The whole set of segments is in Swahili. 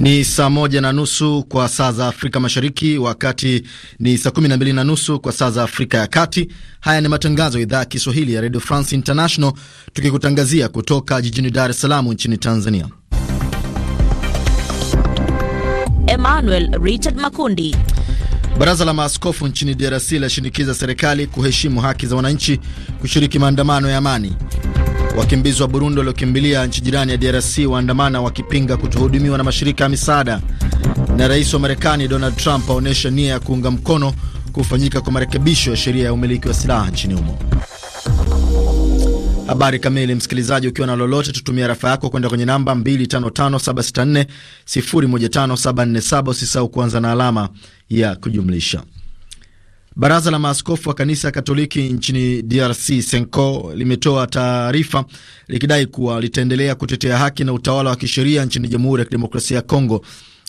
Ni saa moja na nusu kwa saa za Afrika Mashariki, wakati ni saa kumi na mbili na nusu kwa saa za Afrika ya Kati. Haya ni matangazo ya idhaa ya Kiswahili ya Radio France International, tukikutangazia kutoka jijini Dar es Salaam nchini Tanzania. Emmanuel Richard Makundi. Baraza la maaskofu nchini DRC lashinikiza serikali kuheshimu haki za wananchi kushiriki maandamano ya amani. Wakimbizi wa Burundi waliokimbilia nchi jirani ya DRC waandamana wakipinga kutohudumiwa na mashirika ya misaada. Na rais wa Marekani Donald Trump aonyesha nia ya kuunga mkono kufanyika kwa marekebisho ya sheria ya umiliki wa silaha nchini humo. Habari kamili. Msikilizaji, ukiwa na lolote, tutumia rafa yako kwenda kwenye namba 255764015747. Usisahau kuanza na alama ya kujumlisha. Baraza la maaskofu wa kanisa Katoliki nchini DRC Senko limetoa taarifa likidai kuwa litaendelea kutetea haki na utawala wa kisheria nchini Jamhuri ya Kidemokrasia ya Kongo.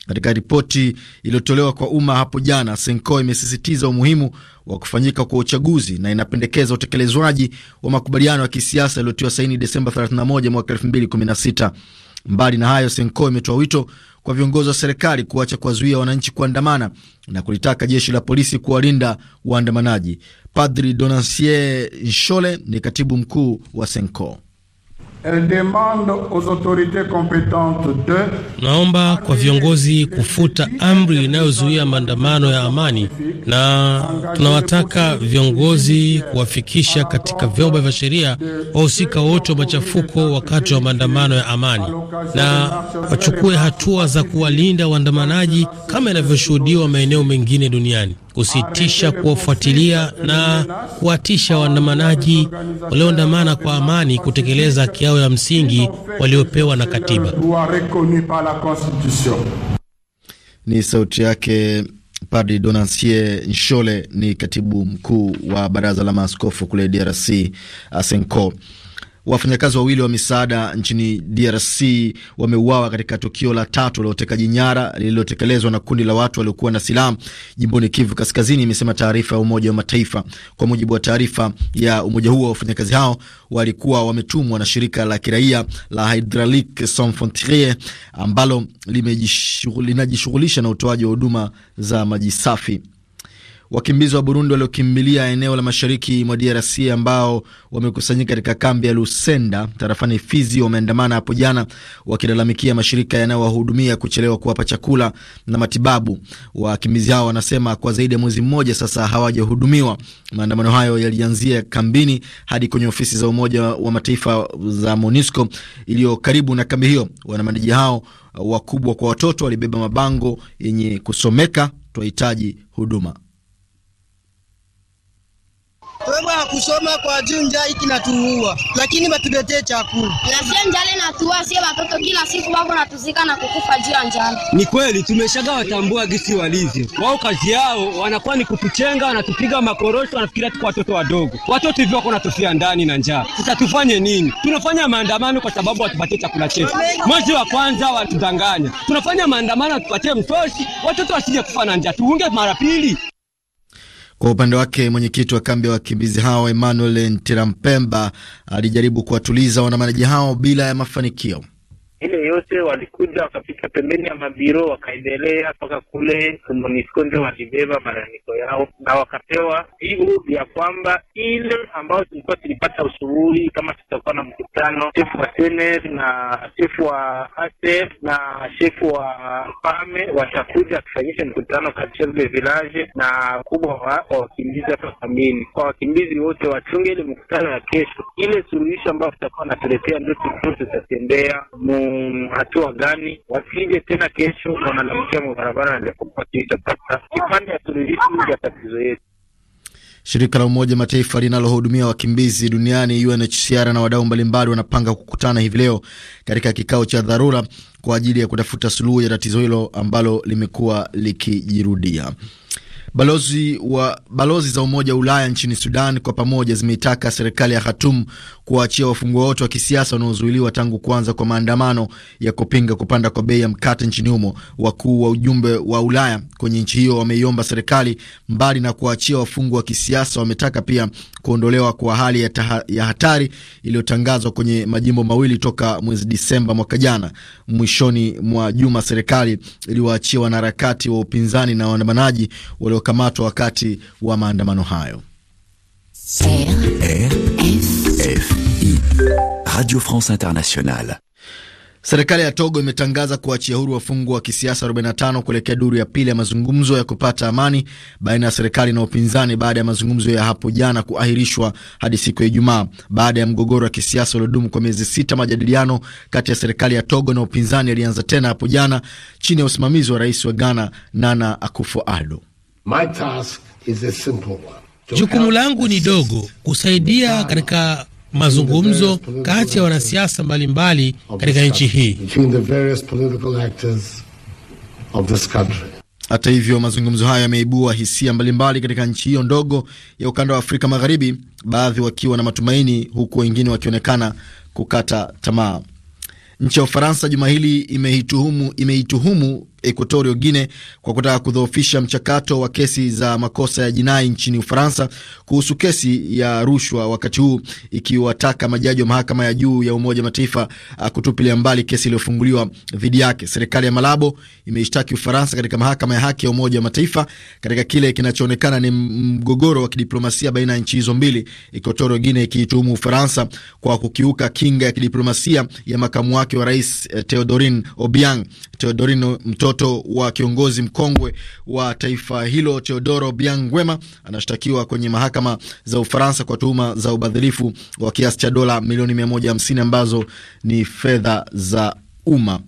Katika ripoti iliyotolewa kwa umma hapo jana, Senko imesisitiza umuhimu wa kufanyika kwa uchaguzi na inapendekeza utekelezwaji wa makubaliano ya kisiasa yaliyotiwa saini Desemba 31 mwaka 2016. Mbali na hayo, Senko imetoa wito kwa viongozi wa serikali kuacha kuwazuia wananchi kuandamana na kulitaka jeshi la polisi kuwalinda waandamanaji. Padri Donancier Nshole ni katibu mkuu wa senco Elle demande aux autorités de... Naomba kwa viongozi kufuta amri inayozuia maandamano ya amani, na tunawataka viongozi kuwafikisha katika vyombo vya sheria wahusika wote wa machafuko wakati wa maandamano ya amani, na wachukue hatua za kuwalinda waandamanaji kama inavyoshuhudiwa maeneo mengine duniani kusitisha kuwafuatilia na kuwatisha waandamanaji walioandamana kwa amani kutekeleza haki yao ya msingi waliopewa na katiba. Ni sauti yake Padri donancier Nshole, ni katibu mkuu wa baraza la maaskofu kule DRC, Asenco. Wafanyakazi wawili wa misaada nchini DRC wameuawa katika tukio la tatu la utekaji nyara lililotekelezwa na kundi la watu waliokuwa na silaha jimboni Kivu Kaskazini, imesema taarifa ya Umoja wa Mataifa. Kwa mujibu wa taarifa ya umoja huo, wafanyakazi hao walikuwa wametumwa na shirika la kiraia la Hydraulique Sans Frontieres ambalo linajishughulisha na utoaji wa huduma za maji safi. Wakimbizi wa Burundi waliokimbilia eneo la mashariki mwa DRC ambao wamekusanyika katika kambi ya Lusenda tarafani Fizi wameandamana hapo jana wakilalamikia mashirika yanayowahudumia kuchelewa kuwapa chakula na matibabu. Wakimbizi hao wanasema kwa zaidi ya mwezi mmoja sasa hawajahudumiwa. Maandamano hayo yalianzia kambini hadi kwenye ofisi za Umoja wa Mataifa za MONUSCO iliyo karibu na kambi hiyo. Wanamandiji hao wakubwa kwa watoto walibeba mabango yenye kusomeka, twahitaji huduma. Wewe hakusoma kwa juu njaa hiki natuua, lakini batuletee chakula. Na sio njale natuua, sio watoto kila siku wako natuzika na kukufa juu ya njala. Ni kweli tumeshaga watambua gisi walivyo. Wao kazi yao wanakuwa ni kutuchenga, wanatupiga makorosho, wanafikiria tuko watoto wadogo. Watoto hivyo wako natufia ndani na njaa. Sasa tufanye nini? Tunafanya maandamano kwa sababu watupatie chakula chetu. Mwezi wa kwanza watudanganya. Tunafanya maandamano watupatie mtoshi, watoto wasije kufa na njaa. Tuunge mara pili. Kwa upande wake mwenyekiti wa kambi ya wakimbizi hao Emmanuel Ntirampemba alijaribu kuwatuliza waandamanaji hao bila ya mafanikio ile yote walikuja wakapita pembeni ya mabiro wakaendelea mpaka kule MONUSCO ndio walibeba malalamiko yao na wakapewa jibu ya kwamba ile ambayo tulikuwa tulipata usubuhi, kama tutakuwa na mkutano shefu wa sener na shefu wa asef na shefu wa pame watakuja kufanyisha mkutano katika vile na kubwa wa wakimbizi hapa kambini. Kwa wakimbizi wote wachunge ile mkutano ya kesho, ile suluhisho ambayo tutakuwa natuletea ndio tutatembea hatua gani, wasije tena kesho wanalalamikia mabarabara yaliyokuwa kitapata kipande ya suluhisho ya tatizo yetu. Shirika la Umoja Mataifa linalohudumia wakimbizi duniani UNHCR na wadau mbalimbali wanapanga kukutana hivi leo katika kikao cha dharura kwa ajili ya kutafuta suluhu ya tatizo hilo ambalo limekuwa likijirudia. Balozi wa balozi za Umoja wa Ulaya nchini Sudan kwa pamoja zimeitaka serikali ya Khartoum kuwaachia wafungwa wote wa kisiasa wanaozuiliwa tangu kuanza kwa maandamano ya kupinga kupanda kwa bei ya mkate nchini humo. Wakuu wa ujumbe wa Ulaya kwenye nchi hiyo wameiomba serikali, mbali na kuwaachia wafungwa wa kisiasa, wametaka pia kuondolewa kwa hali ya, taha, ya hatari iliyotangazwa kwenye majimbo mawili toka mwezi Disemba mwaka jana. Mwishoni mwa juma serikali iliwaachia wanaharakati wa upinzani na waandamanaji walio waliokamatwa wakati wa maandamano hayo. RFI, Radio France Internationale. Serikali ya Togo imetangaza kuachia huru wafungwa wa kisiasa 45 kuelekea duru ya pili ya mazungumzo ya kupata amani baina ya serikali na upinzani baada ya mazungumzo ya hapo jana kuahirishwa hadi siku ya Ijumaa baada ya mgogoro wa kisiasa uliodumu kwa miezi sita. Majadiliano kati ya serikali ya Togo na upinzani yalianza tena hapo jana chini ya usimamizi wa rais wa Ghana Nana Akufo-Addo. My task is a simple one. Jukumu langu ni dogo, kusaidia katika mazungumzo kati ya wanasiasa mbalimbali katika nchi hii. Hata hivyo, mazungumzo hayo yameibua hisia mbalimbali katika nchi hiyo ndogo ya ukanda wa Afrika Magharibi, baadhi wakiwa na matumaini, huku wengine wakionekana kukata tamaa. Nchi ya Ufaransa juma hili imeituhumu, imeituhumu Equatorio Guine kwa kutaka kudhoofisha mchakato wa kesi za makosa ya jinai nchini Ufaransa kuhusu kesi ya rushwa, wakati huu ikiwataka majaji wa mahakama ya juu ya Umoja Mataifa ah, kutupilia mbali kesi iliyofunguliwa dhidi yake. Serikali ya Malabo imeishtaki Ufaransa katika mahakama ya haki ya Umoja Mataifa katika kile kinachoonekana ni mgogoro wa kidiplomasia baina ya nchi hizo mbili, Equatorio Guine ikiituhumu Ufaransa kwa kukiuka kinga ya kidiplomasia ya makamu wake wa rais eh, Teodorin Obiang. Teodorino, mtoto wa kiongozi mkongwe wa taifa hilo Teodoro Biangwema, anashtakiwa kwenye mahakama za Ufaransa kwa tuhuma za ubadhirifu wa kiasi cha dola milioni 150 ambazo ni fedha za umma.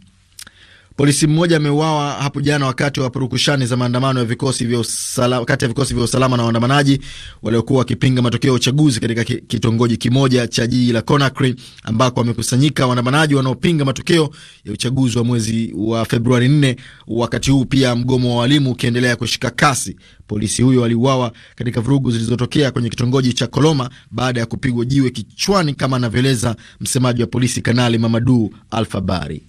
Polisi mmoja ameuawa hapo jana wakati wa purukushani za maandamano ya vikosi vya usalama, kati ya vikosi vya usalama na waandamanaji waliokuwa wakipinga matokeo ya uchaguzi katika kitongoji kimoja cha jiji la Conakry ambako wamekusanyika waandamanaji wanaopinga matokeo ya uchaguzi wa mwezi wa Februari 4, wakati huu pia mgomo wa walimu ukiendelea kushika kasi. Polisi huyo aliuawa katika vurugu zilizotokea kwenye kitongoji cha Koloma baada ya kupigwa jiwe kichwani, kama anavyoeleza msemaji wa polisi Kanali Mamadu Alfabari.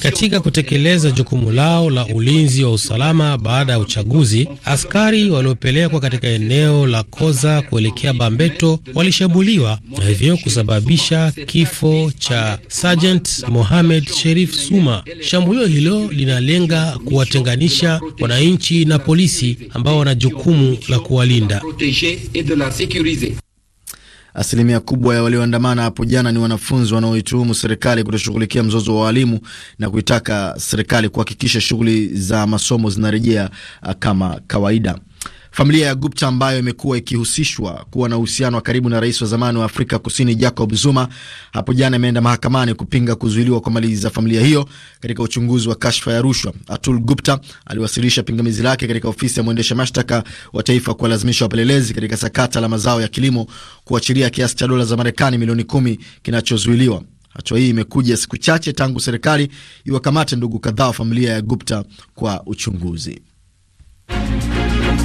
Katika kutekeleza jukumu lao la ulinzi wa usalama baada ya uchaguzi, askari waliopelekwa katika eneo la Koza kuelekea Bambeto walishambuliwa na hivyo kusababisha kifo cha Sergeant Mohamed Sherif Suma. Shambulio hilo linalenga kuwatenganisha wananchi na polisi ambao wana jukumu la kuwalinda. Asilimia kubwa ya walioandamana hapo jana ni wanafunzi wanaoituhumu serikali kutoshughulikia mzozo wa walimu na kuitaka serikali kuhakikisha shughuli za masomo zinarejea uh, kama kawaida. Familia ya Gupta ambayo imekuwa ikihusishwa kuwa na uhusiano wa karibu na rais wa zamani wa Afrika Kusini Jacob Zuma hapo jana imeenda mahakamani kupinga kuzuiliwa kwa mali za familia hiyo katika uchunguzi wa kashfa ya rushwa. Atul Gupta aliwasilisha pingamizi lake katika ofisi ya mwendesha mashtaka wa taifa kuwalazimisha wapelelezi katika sakata la mazao ya kilimo kuachilia kiasi cha dola za Marekani milioni kumi kinachozuiliwa. Hatua hii imekuja siku chache tangu serikali iwakamate ndugu kadhaa wa familia ya Gupta kwa uchunguzi.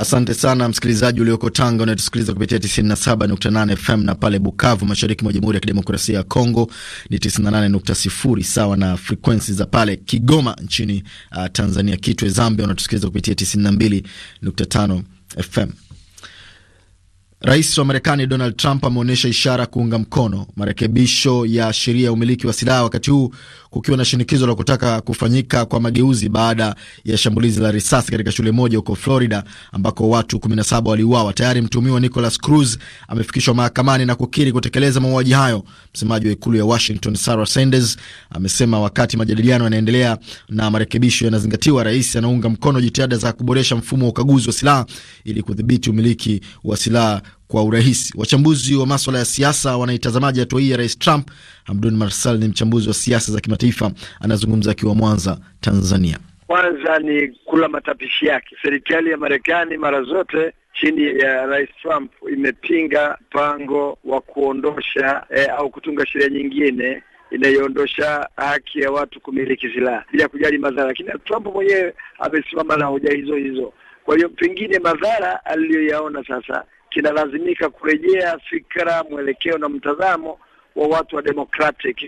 Asante sana msikilizaji ulioko Tanga unayetusikiliza kupitia 97.8 FM na pale Bukavu, mashariki mwa Jamhuri ya Kidemokrasia ya Kongo ni 98.0, sawa na frekwensi za pale Kigoma nchini uh, Tanzania. Kitwe Zambia unatusikiliza kupitia 92.5 FM. Rais wa Marekani Donald Trump ameonyesha ishara kuunga mkono marekebisho ya sheria ya umiliki wa silaha wakati huu kukiwa na shinikizo la kutaka kufanyika kwa mageuzi baada ya shambulizi la risasi katika shule moja huko Florida ambako watu 17 waliuawa. Tayari mtuhumiwa Nicholas Cruz amefikishwa mahakamani na kukiri kutekeleza mauaji hayo. Msemaji wa ikulu ya Washington Sarah Sanders amesema wakati majadiliano yanaendelea na marekebisho yanazingatiwa, rais anaunga mkono jitihada za kuboresha mfumo wa ukaguzi wa silaha ili kudhibiti umiliki wa silaha kwa urahisi. Wachambuzi wa maswala ya siasa wanaitazamaji hatua hii ya rais Trump? Hamdun Marsal ni mchambuzi wa siasa za kimataifa, anazungumza akiwa Mwanza, Tanzania. Kwanza ni kula matapishi yake. Serikali ya Marekani mara zote chini ya rais Trump imepinga mpango wa kuondosha eh, au kutunga sheria nyingine inayoondosha haki ya watu kumiliki silaha bila kujali madhara, lakini Trump mwenyewe amesimama na hoja hizo hizo. Kwa hiyo pengine madhara aliyoyaona sasa kinalazimika kurejea fikra, mwelekeo na mtazamo wa watu wa Democratic.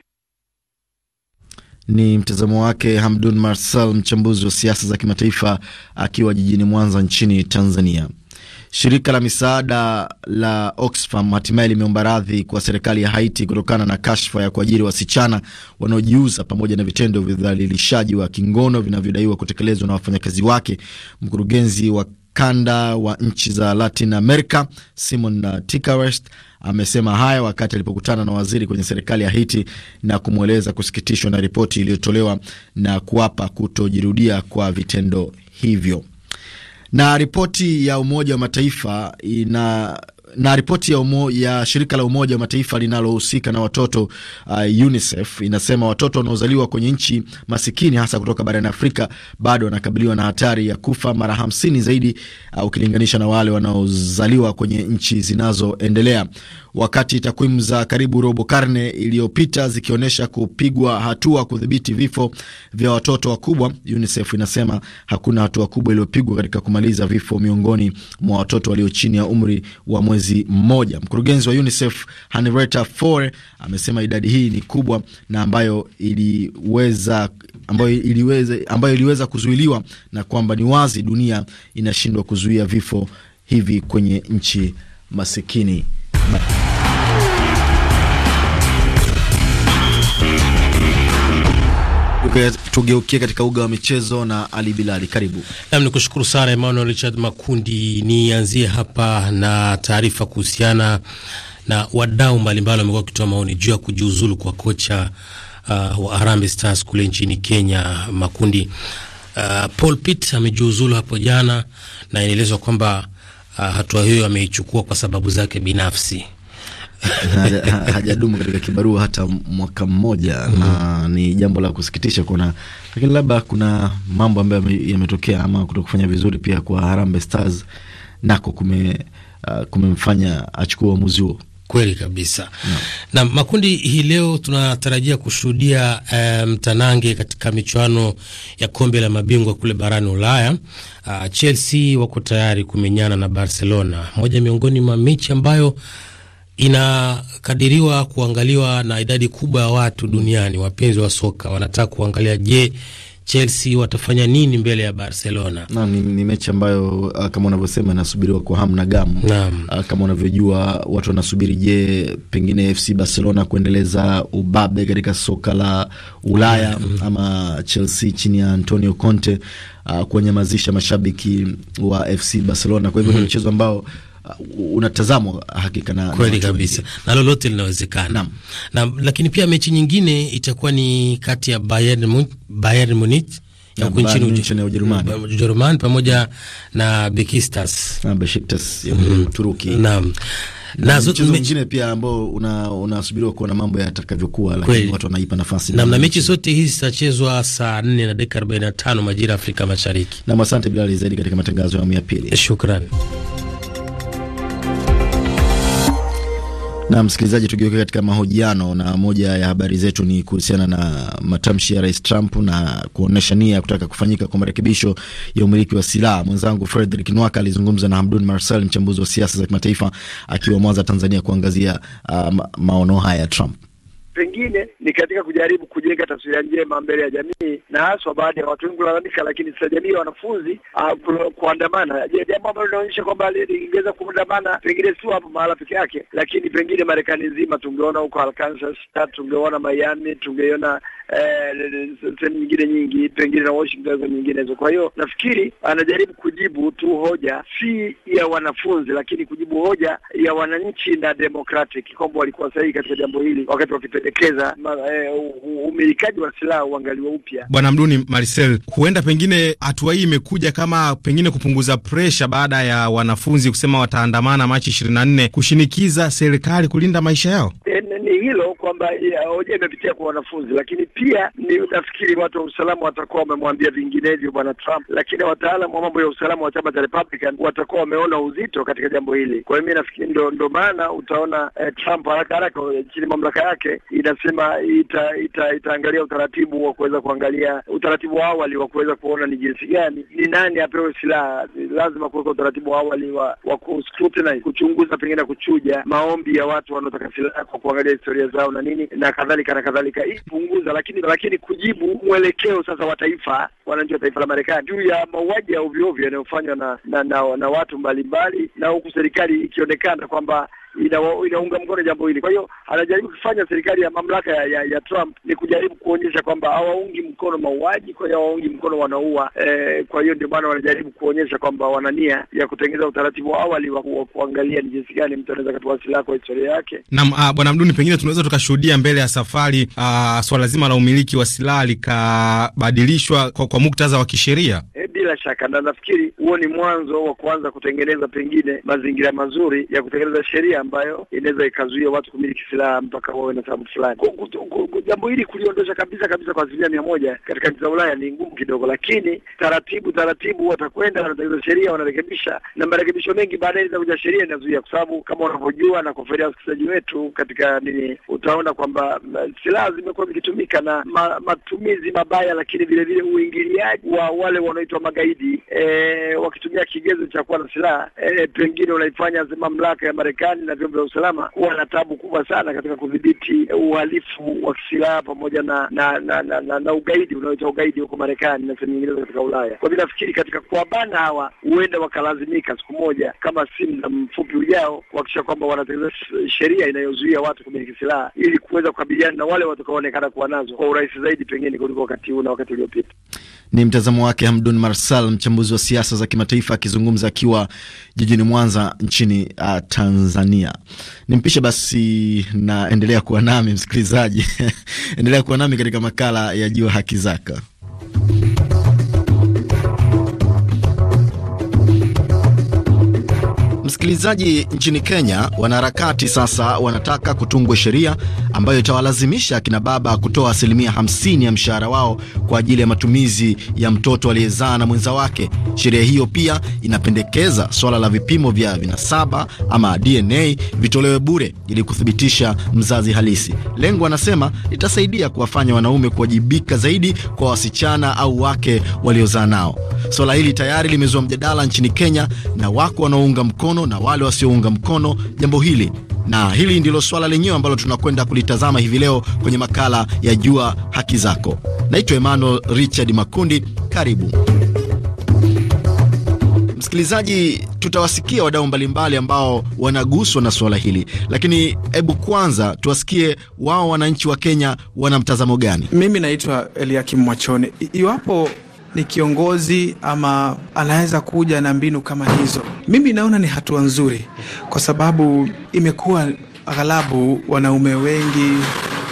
Ni mtazamo wake Hamdun Marsal, mchambuzi wa siasa za kimataifa akiwa jijini Mwanza nchini Tanzania. Shirika la misaada la Oxfam hatimaye limeomba radhi kwa serikali ya Haiti kutokana na kashfa ya kuajiri wasichana wanaojiuza pamoja na vitendo vya udhalilishaji wa kingono vinavyodaiwa kutekelezwa na wafanyakazi wake. Mkurugenzi wa kanda wa nchi za Latin America Simon Tkerest amesema haya wakati alipokutana na waziri kwenye serikali ya Haiti na kumweleza kusikitishwa na ripoti iliyotolewa na kuapa kutojirudia kwa vitendo hivyo. Na ripoti ya Umoja wa Mataifa ina na ripoti ya, umo, ya shirika la Umoja wa Mataifa linalohusika na watoto uh, UNICEF inasema watoto wanaozaliwa kwenye nchi masikini hasa kutoka barani Afrika bado wanakabiliwa na hatari ya kufa mara hamsini zaidi uh, ukilinganisha na wale wanaozaliwa kwenye nchi zinazoendelea wakati takwimu za karibu robo karne iliyopita zikionyesha kupigwa hatua kudhibiti vifo vya watoto wakubwa, UNICEF inasema hakuna hatua kubwa iliyopigwa katika kumaliza vifo miongoni mwa watoto walio chini ya umri wa mwezi mmoja. Mkurugenzi wa UNICEF Henrietta Fore amesema idadi hii ni kubwa na ambayo iliweza ambayo iliweza, ambayo iliweza kuzuiliwa na kwamba ni wazi dunia inashindwa kuzuia vifo hivi kwenye nchi masikini. Batman. tugeukie katika uga wa michezo na Ali Bilali, karibu. Naam, nikushukuru sana Emmanuel Richard Makundi. Nianzie hapa na taarifa kuhusiana na wadau mbalimbali wamekuwa wakitoa maoni juu ya kujiuzulu kwa kocha uh, wa Harambee Stars kule nchini Kenya. Makundi, uh, Paul Pitt amejiuzulu hapo jana na inaelezwa kwamba Ah, hatua hiyo ameichukua kwa sababu zake binafsi. hajadumu katika kibarua hata mwaka mmoja, na mhm. ni jambo la kusikitisha kuona, lakini labda kuna mambo ambayo yametokea ama kuto kufanya vizuri pia kwa Harambee Stars nako kume, uh, kumemfanya achukua uamuzi huo. Kweli kabisa no. Na makundi hii leo tunatarajia kushuhudia eh, mtanange um, katika michuano ya kombe la mabingwa kule barani Ulaya. Uh, Chelsea wako tayari kumenyana na Barcelona, moja miongoni mwa mechi ambayo inakadiriwa kuangaliwa na idadi kubwa ya watu duniani. Wapenzi wa soka wanataka kuangalia, je, Chelsea watafanya nini mbele ya Barcelona. Naam, ni, ni mechi ambayo ah, kama unavyosema inasubiriwa kwa hamu na gamu. Ah, kama unavyojua watu wanasubiri, je, pengine FC Barcelona kuendeleza ubabe katika soka la Ulaya -hmm. ama Chelsea chini ya Antonio Conte ah, kuwanyamazisha mashabiki wa FC Barcelona. Kwa hivyo ni mm-hmm. mchezo ambao unatazamwa hakika na kweli kabisa na lolote linawezekana na, na, lakini pia mechi nyingine itakuwa ni kati ya Bayern, Bayern Munich ya huko nchini Ujerumani mm, Ujerumani pamoja na Besiktas na Besiktas ya mm-hmm. Uturuki naam na mchezo mwingine pia ambao unasubiriwa una kuona mambo yatakavyokuwa, lakini watu wanaipa nafasi na, na mechi zote hizi zitachezwa saa 4 na dakika 45 majira ya Afrika Mashariki. Na asante Bilali zaidi katika matangazo ya awamu ya pili. Shukrani. Na msikilizaji, tugeuke katika mahojiano, na moja ya habari zetu ni kuhusiana na matamshi ya Rais Trump na kuonyesha nia ya kutaka kufanyika kwa marekebisho ya umiliki wa silaha. Mwenzangu Frederick Nwaka alizungumza na Hamdun Marcel, mchambuzi wa siasa za kimataifa, akiwa Mwanza, Tanzania, kuangazia uh, maono haya ya Trump pengine ni katika kujaribu kujenga taswira njema mbele ya jamii, na haswa baada ya watu wengi kulalamika, lakini sasa jamii ya wanafunzi ah, kuandamana, jambo ambalo linaonyesha kwamba lingeweza kuandamana pengine sio hapo mahala peke yake, lakini pengine Marekani nzima, tungeona huko Arkansas, tungeona Miami, tungeona eh, sehemu nyingine nyingi, pengine na Washington nyingine nyinginezo. Kwa hiyo nafikiri anajaribu kujibu tu hoja si ya wanafunzi, lakini kujibu hoja ya wananchi na Democratic kwamba walikuwa sahihi katika jambo hili wakati wakipeleka kupendekeza eh, umilikaji wa silaha uangaliwe upya. Bwana Mduni Marcel, huenda pengine hatua hii imekuja kama pengine kupunguza presha baada ya wanafunzi kusema wataandamana Machi ishirini na nne kushinikiza serikali kulinda maisha yao. E, ni hilo kwamba hoja imepitia kwa wanafunzi, lakini pia ni nafikiri watu wa usalama watakuwa wamemwambia vinginevyo bwana Trump, lakini wataalamu wa mambo ya usalama wa chama cha Republican watakuwa wameona uzito katika jambo hili. Kwa hiyo mi nafikiri ndo ndo maana utaona eh, Trump haraka haraka eh, chini mamlaka yake inasema ita, ita, itaangalia utaratibu wa kuweza kuangalia utaratibu wa awali wa kuweza kuona ni jinsi gani ni nani apewe silaha. Lazima kuweka utaratibu wa awali wa, wa kuscrutinize, kuchunguza, pengine kuchuja maombi ya watu wanaotaka silaha kwa kuangalia historia zao na nini na kadhalika na kadhalika, hii punguza, lakini lakini kujibu mwelekeo sasa wa taifa, wananchi wa taifa la Marekani juu ya mauaji ya ovyo ovyo yanayofanywa na na, na na watu mbalimbali, na huku serikali ikionekana kwamba inaunga mkono jambo hili. Kwa hiyo anajaribu kufanya serikali ya mamlaka ya, ya, ya Trump ni kujaribu kuonyesha kwamba hawaungi mkono mauaji, kwa hiyo hawaungi mkono wanaua e, eh, kwa hiyo ndio maana wanajaribu kuonyesha kwamba wana nia ya kutengeneza utaratibu wa awali wa kuangalia ni jinsi gani mtu anaweza katoa silaha kwa historia yake. Naam, ah, bwana Mduni, pengine tunaweza tukashuhudia mbele ya safari uh, swala zima la umiliki wa silaha likabadilishwa kwa, kwa muktadha wa kisheria eh, bila shaka, na nafikiri huo ni mwanzo wa kuanza kutengeneza pengine mazingira mazuri ya kutengeneza sheria ambayo inaweza ikazuia watu kumiliki silaha mpaka wawe na sababu fulani. Jambo hili kuliondosha kabisa kabisa kwa asilimia mia moja katika nchi za Ulaya ni ngumu kidogo, lakini taratibu taratibu watakwenda wanatengeneza sheria, wanarekebisha, na marekebisho mengi baadaye inaweza kuja sheria inazuia, kwa sababu kama unavyojua na kuferia wasikilizaji wetu katika nini, utaona kwamba silaha zimekuwa zikitumika na ma, matumizi mabaya, lakini vilevile uingiliaji wa wale wanaoitwa magaidi e, wakitumia kigezo cha kuwa na silaha e, pengine unaifanya mamlaka ya Marekani na vyombo vya usalama kuwa na tabu kubwa sana katika kudhibiti uhalifu wa kisilaha pamoja na na na, na, na, na ugaidi unaoita ugaidi huko Marekani na sehemu nyingine katika Ulaya. Kwa hivyo nafikiri katika kuwabana hawa, huenda wakalazimika siku moja kama si muda mfupi ujao kuhakikisha kwamba wanatengeneza sheria inayozuia watu kumiliki silaha ili kuweza kukabiliana na wale watakaoonekana kuwa nazo kwa urahisi zaidi pengine kuliko wakati huu na wakati uliopita. Ni mtazamo wake Hamdun Mar Marsal, mchambuzi wa siasa za kimataifa, akizungumza akiwa jijini Mwanza nchini uh, Tanzania. Nimpishe basi na endelea kuwa nami msikilizaji endelea kuwa nami katika makala ya Jua Haki Zako. Msikilizaji, nchini Kenya wanaharakati sasa wanataka kutungwa sheria ambayo itawalazimisha akina baba kutoa asilimia 50 ya mshahara wao kwa ajili ya matumizi ya mtoto aliyezaa na mwenza wake. Sheria hiyo pia inapendekeza swala la vipimo vya vinasaba ama DNA vitolewe bure ili kuthibitisha mzazi halisi. Lengo, anasema litasaidia kuwafanya wanaume kuwajibika zaidi kwa wasichana au wake waliozaa nao. Swala hili tayari limezua mjadala nchini Kenya na wako wanaounga mkono na wale wasiounga mkono jambo hili, na hili ndilo swala lenyewe ambalo tunakwenda kulitazama hivi leo kwenye makala ya Jua Haki Zako. Naitwa Emmanuel Richard Makundi, karibu msikilizaji. Tutawasikia wadau mbalimbali ambao wanaguswa na suala hili, lakini hebu kwanza tuwasikie wao wananchi wa Kenya wana mtazamo gani. Mimi naitwa Eliakim Mwachone. Iwapo ni kiongozi ama anaweza kuja na mbinu kama hizo, mimi naona ni hatua nzuri, kwa sababu imekuwa aghalabu wanaume wengi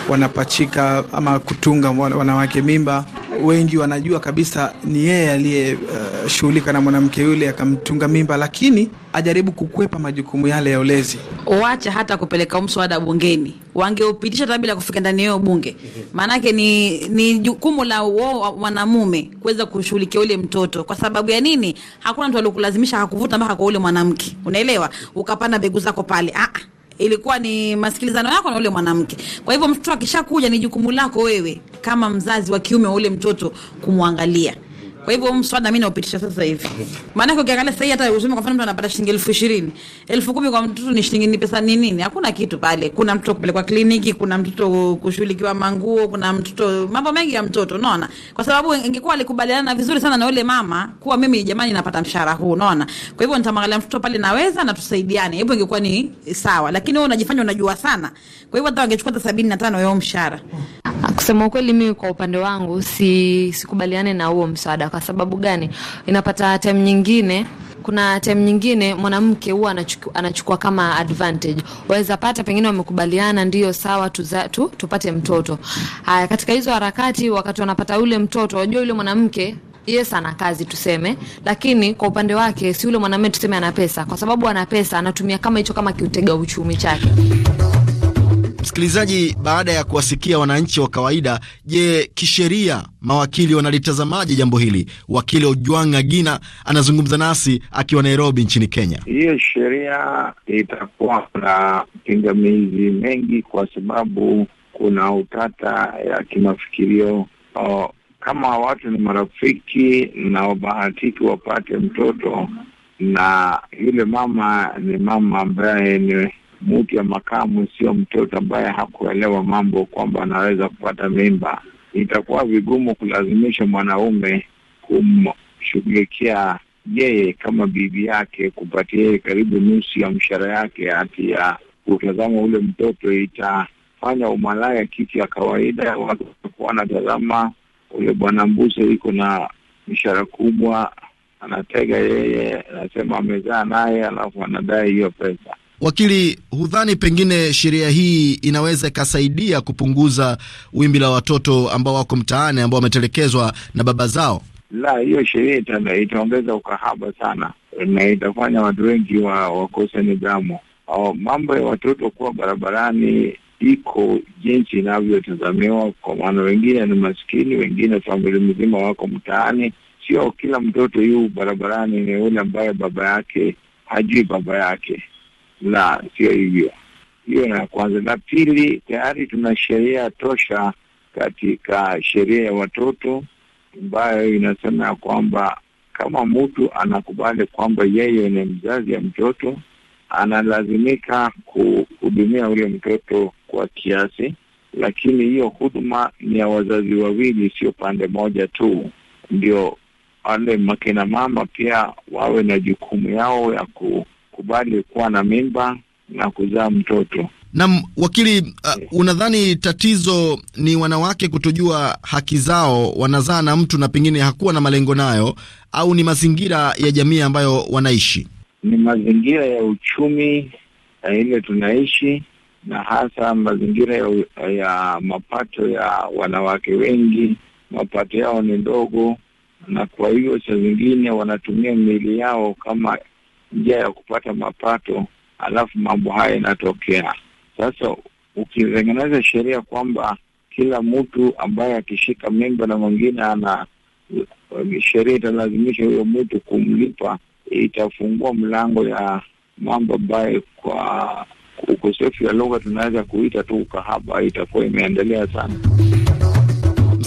wanapachika ama kutunga wanawake mimba wengi wanajua kabisa ni yeye aliyeshughulika uh, na mwanamke yule akamtunga mimba, lakini ajaribu kukwepa majukumu yale ya ulezi. Wacha hata kupeleka mswada bungeni, wangeupitisha hata bila kufika ndani yao bunge. Maanake ni, ni jukumu la wao mwanamume kuweza kushughulikia ule mtoto. Kwa sababu ya nini? Hakuna mtu aliokulazimisha, hakuvuta mpaka kwa ule mwanamke, unaelewa, ukapanda mbegu zako pale. Ah, ah ilikuwa ni masikilizano yako na ule mwanamke. Kwa hivyo mtoto akishakuja, ni jukumu lako wewe kama mzazi wa kiume wa ule mtoto kumwangalia. Kwa hivyo mswada mimi naupitisha sasa hivi, maana yake ukiangalia sasa hata usema kwa mfano mtu anapata shilingi elfu ishirini elfu kumi kwa mtoto ni shilingi ni pesa ni nini? Hakuna kitu pale. Kuna mtoto kupelekwa kliniki, kuna mtoto kushughulikiwa manguo, kuna mtoto mambo mengi ya mtoto, unaona. Kwa sababu ingekuwa alikubaliana vizuri sana na yule mama kuwa mimi jamani, napata mshahara huu, unaona. Kwa hivyo nitamwangalia mtoto pale, naweza na tusaidiane, hivyo ingekuwa ni sawa, lakini wewe unajifanya unajua sana. Kwa hivyo hata wangechukua hata sabini na tano yao mshahara. Kusema ukweli, mimi kwa upande wangu si sikubaliane na huo msaada kwa sababu gani? Inapata time nyingine kuna time nyingine mwanamke huwa anachukua, anachukua kama advantage. Waweza pata pengine wamekubaliana, ndio sawa tuza, tu, tupate mtoto. Haya, katika hizo harakati, wakati wanapata yule mtoto, wajua yule mwanamke yes ana kazi tuseme, lakini kwa upande wake si yule mwanamume tuseme ana pesa, kwa sababu ana pesa anatumia kama hicho kama kiutega uchumi chake. Msikilizaji, baada ya kuwasikia wananchi wa kawaida, je, kisheria mawakili wanalitazamaje jambo hili? Wakili Ojwang agina anazungumza nasi akiwa Nairobi nchini Kenya. Hiyo sheria itakuwa na pingamizi mengi, kwa sababu kuna utata ya kimafikirio o, kama watu ni marafiki na wabahatiki wapate mtoto na yule mama ni mama ambaye ni mke makamu, sio mtoto ambaye hakuelewa mambo kwamba anaweza kupata mimba. Itakuwa vigumu kulazimisha mwanaume kumshughulikia yeye kama bibi yake, kupatia yeye karibu nusu ya mshahara yake, hati ya kutazama ule mtoto. Itafanya umalaya kitu ya kawaida, watu watakuwa wanatazama ule bwana Mbuse iko na mishahara kubwa, anatega yeye, anasema amezaa naye, alafu anadai hiyo pesa. Wakili, hudhani pengine sheria hii inaweza ikasaidia kupunguza wimbi la watoto ambao wako mtaani ambao wametelekezwa na baba zao? La, hiyo sheria itaongeza ukahaba sana na itafanya watu wengi wa wakose nidhamu. Mambo ya watoto kuwa barabarani iko jinsi inavyotazamiwa, kwa maana wengine ni maskini, wengine familia mzima wako mtaani. Sio kila mtoto yu barabarani ni yule ambaye baba yake hajui baba yake la sio hivyo. Hiyo na kwanza. La pili, tayari tuna sheria tosha katika sheria ya watoto ambayo inasema ya kwamba kama mtu anakubali kwamba yeye ni mzazi ya mtoto analazimika kuhudumia ule mtoto kwa kiasi, lakini hiyo huduma ni ya wazazi wawili, sio pande moja tu. Ndio wale makina mama pia wawe na jukumu yao ya ku kukubali kuwa na mimba na kuzaa mtoto. Naam, wakili, uh, unadhani tatizo ni wanawake kutojua haki zao, wanazaa na mtu na pengine hakuwa na malengo nayo, au ni mazingira ya jamii ambayo wanaishi? Ni mazingira ya uchumi ya eh, ile tunaishi, na hasa mazingira ya, ya mapato ya wanawake wengi, mapato yao ni ndogo, na kwa hivyo saa zingine wanatumia miili yao kama njia ya kupata mapato, alafu mambo haya yanatokea. Sasa ukitengeneza sheria kwamba kila mtu ambaye akishika mimba na mwingine ana uh, sheria italazimisha huyo mtu kumlipa, itafungua mlango ya mambo ambayo kwa ukosefu ya lugha tunaweza kuita tu ukahaba, itakuwa imeendelea sana.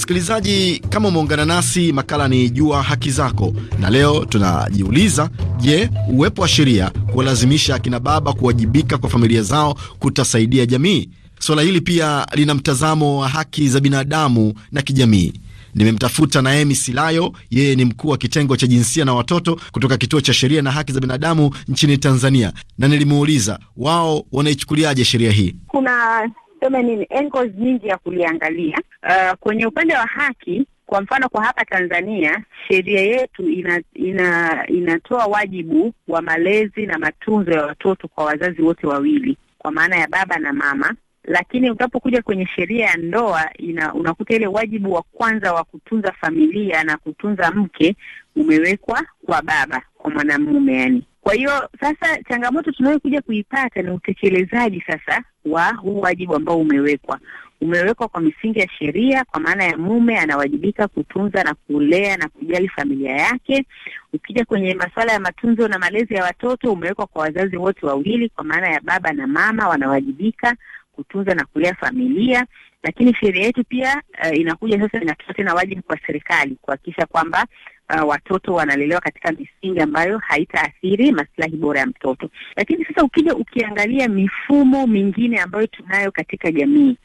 Msikilizaji, kama umeungana nasi, makala ni Jua Haki Zako, na leo tunajiuliza, je, uwepo wa sheria kuwalazimisha akina baba kuwajibika kwa familia zao kutasaidia jamii? Suala hili pia lina mtazamo wa haki za binadamu na kijamii. Nimemtafuta Naemi Silayo, yeye ni mkuu wa kitengo cha jinsia na watoto kutoka kituo cha sheria na haki za binadamu nchini Tanzania, na nilimuuliza wao wanaichukuliaje sheria hii. Kuna tuseme nini, angles nyingi ya kuliangalia. Uh, kwenye upande wa haki kwa mfano kwa hapa Tanzania sheria yetu ina, ina inatoa wajibu wa malezi na matunzo ya watoto kwa wazazi wote wawili, kwa maana ya baba na mama, lakini unapokuja kwenye sheria ya ndoa ina, unakuta ile wajibu wa kwanza wa kutunza familia na kutunza mke umewekwa kwa baba, kwa mwanamume yani. Kwa hiyo sasa changamoto tunayokuja kuipata ni utekelezaji sasa wa huu wajibu ambao umewekwa umewekwa kwa misingi ya sheria, kwa maana ya mume anawajibika kutunza na kulea na kujali familia yake. Ukija kwenye masuala ya matunzo na malezi ya watoto, umewekwa kwa wazazi wote wawili, kwa maana ya baba na mama wanawajibika kutunza na kulea familia. Lakini sheria yetu pia uh, inakuja sasa, inatoa tena wajibu kwa serikali kuhakikisha kwamba uh, watoto wanalelewa katika misingi ambayo haitaathiri maslahi bora ya mtoto. Lakini sasa ukija ukiangalia mifumo mingine ambayo tunayo katika jamii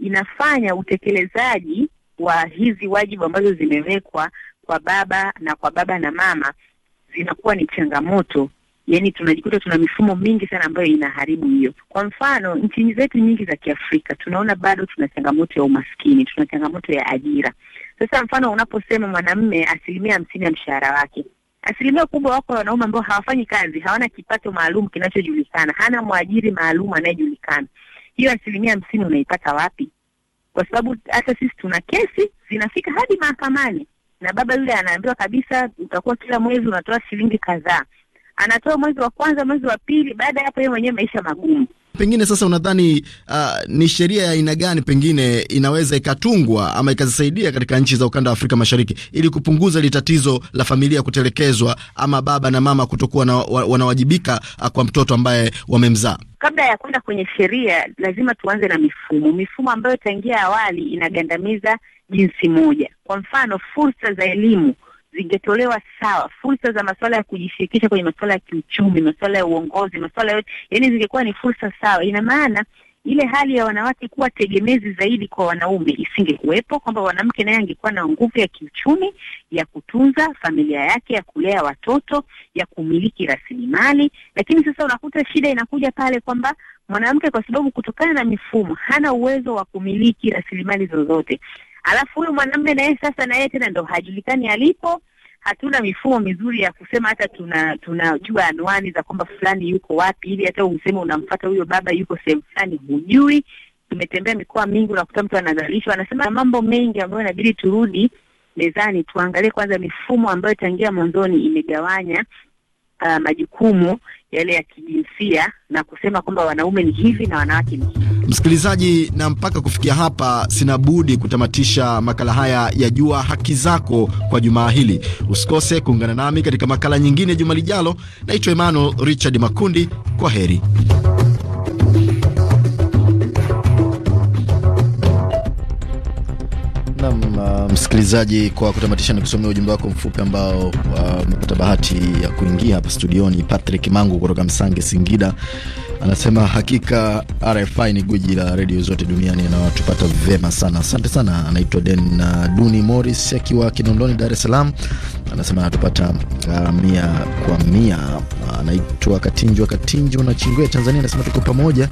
inafanya utekelezaji wa hizi wajibu ambazo zimewekwa kwa baba na kwa baba na mama zinakuwa ni changamoto. Yani tunajikuta tuna mifumo mingi sana ambayo inaharibu hiyo. Kwa mfano, nchi zetu nyingi za Kiafrika tunaona bado tuna changamoto ya umaskini, tuna changamoto ya ajira. Sasa mfano unaposema mwanamme asilimia hamsini ya mshahara wake, asilimia kubwa wako wanaume ambao hawafanyi kazi, hawana kipato maalum kinachojulikana, hana mwajiri maalum anayejulikana. Hiyo asilimia hamsini unaipata wapi? Kwa sababu hata sisi tuna kesi zinafika hadi mahakamani, na baba yule anaambiwa kabisa, utakuwa kila mwezi unatoa shilingi kadhaa. Anatoa mwezi wa kwanza, mwezi wa pili, baada ya hapo yeye mwenyewe maisha magumu. Pengine sasa unadhani uh, ni sheria ya aina gani pengine inaweza ikatungwa ama ikazisaidia katika nchi za ukanda wa Afrika Mashariki ili kupunguza ile tatizo la familia kutelekezwa ama baba na mama kutokuwa na, wa, wanawajibika uh, kwa mtoto ambaye wamemzaa? Kabla ya kwenda kwenye sheria, lazima tuanze na mifumo, mifumo ambayo itaingia awali inagandamiza jinsi moja. Kwa mfano, fursa za elimu zingetolewa sawa, fursa za masuala ya kujishirikisha kwenye masuala ya kiuchumi, masuala ya uongozi, masuala yote, yaani zingekuwa ni fursa sawa, ina maana ile hali ya wanawake kuwa tegemezi zaidi kwa wanaume isingekuwepo, kwamba mwanamke naye angekuwa na nguvu ya kiuchumi ya kutunza familia yake, ya kulea watoto, ya kumiliki rasilimali. Lakini sasa unakuta shida inakuja pale kwamba mwanamke, kwa sababu kutokana na mifumo, hana uwezo wa kumiliki rasilimali zozote alafu huyu mwanamume naye sasa na tena ndo hajulikani alipo. Hatuna mifumo mizuri ya kusema hata tuna tunajua anwani za kwamba fulani yuko wapi, ili hata useme unamfata huyo baba yuko sehemu fulani, hujui. Tumetembea mikoa mingi, unakuta mtu anazalishwa, anasema mambo mengi ambayo inabidi turudi mezani tuangalie kwanza mifumo ambayo tangia mwanzoni imegawanya uh, majukumu yale ya kijinsia na kusema kwamba wanaume ni hivi na wanawake ni hivi. Msikilizaji, na mpaka kufikia hapa, sina budi kutamatisha makala haya ya Jua Haki Zako kwa jumaa hili. Usikose kuungana nami katika makala nyingine juma lijalo. Naitwa Emmanuel Richard Makundi, kwa heri. Nam uh, msikilizaji, kwa kutamatisha, nikusomea ujumbe wako mfupi ambao uh, umepata bahati ya kuingia hapa studioni. Patrick Mangu kutoka Msange, Singida Anasema hakika RFI ni guji la redio zote duniani anawatupata vema sana. Asante sana. Anaitwa Den uh, Duni Morris akiwa Kinondoni, Dar es Salaam. Anasema anatupata uh, mia kwa mia. Anaitwa Katinjwa Katinjwa na Chingwe, Tanzania. Anasema tuko pamoja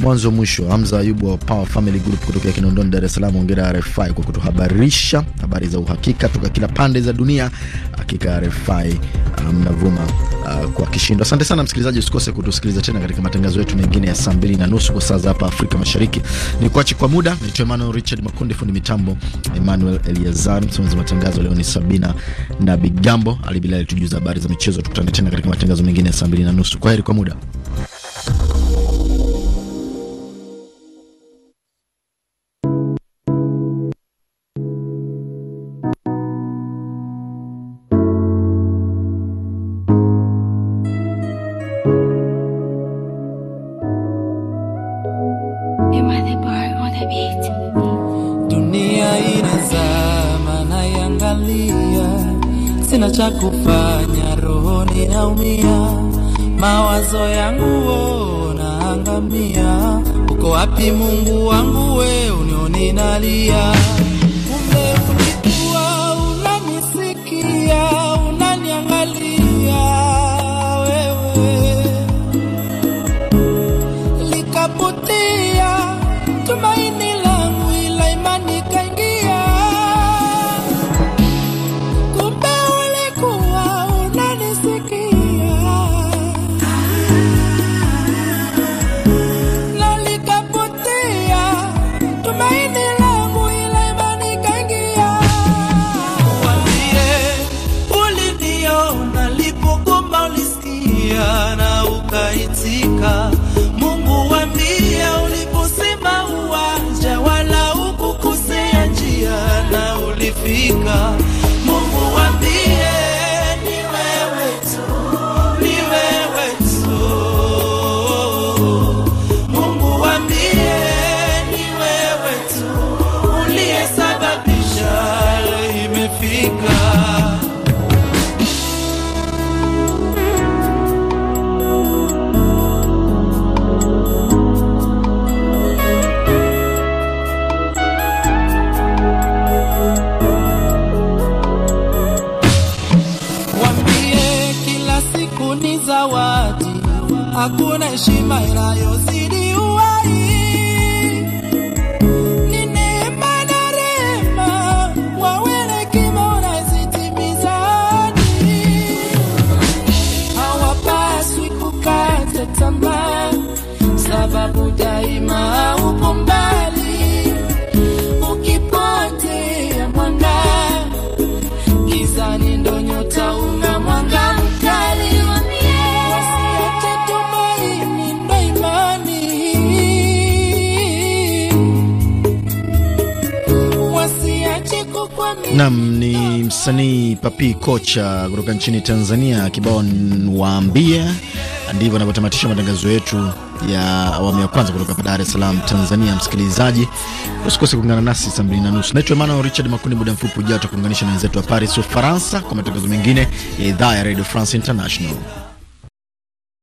mwanzo mwisho. Hamza Ayubu wa Power Family Group kutokea Kinondoni, Dar es Salaam. Ongera RFI kwa kutuhabarisha habari za uhakika toka kila pande za dunia. Hakika RFI um, mnavuma um, uh, kwa kishindo. Asante sana msikilizaji, usikose kutusikiliza tena katika matangazo yetu mengine ya saa mbili na nusu kwa saa za hapa Afrika Mashariki. Ni kuache kwa muda, naitwa Emmanuel Richard Makundi, fundi mitambo Emmanuel Eliazar, msimamizi wa matangazo leo ni Sabina na Bigambo. Ali Bilali habari za michezo. Tukutane tena katika matangazo mengine ya saa mbili na nusu. Kwa heri kwa muda. cha kufanya, roho ninaumia, mawazo yangu naangamia. Uko wapi Mungu wangu, we unione nalia? Kumbe ulikuwa unanisikia hakuna heshima inayo Nam ni msanii Papi Kocha kutoka nchini Tanzania, kibao waambia. Ndivyo anavyotamatisha matangazo yetu ya awamu ya kwanza kutoka hapa Dar es Salaam, Tanzania. Msikilizaji, usikose kuungana nasi saa mbili na nusu. Naitwa Emmanuel Richard Makundi. Muda mfupi ujao tutakuunganisha na wenzetu wa Paris, Ufaransa, kwa matangazo mengine ya idhaa ya Radio France International.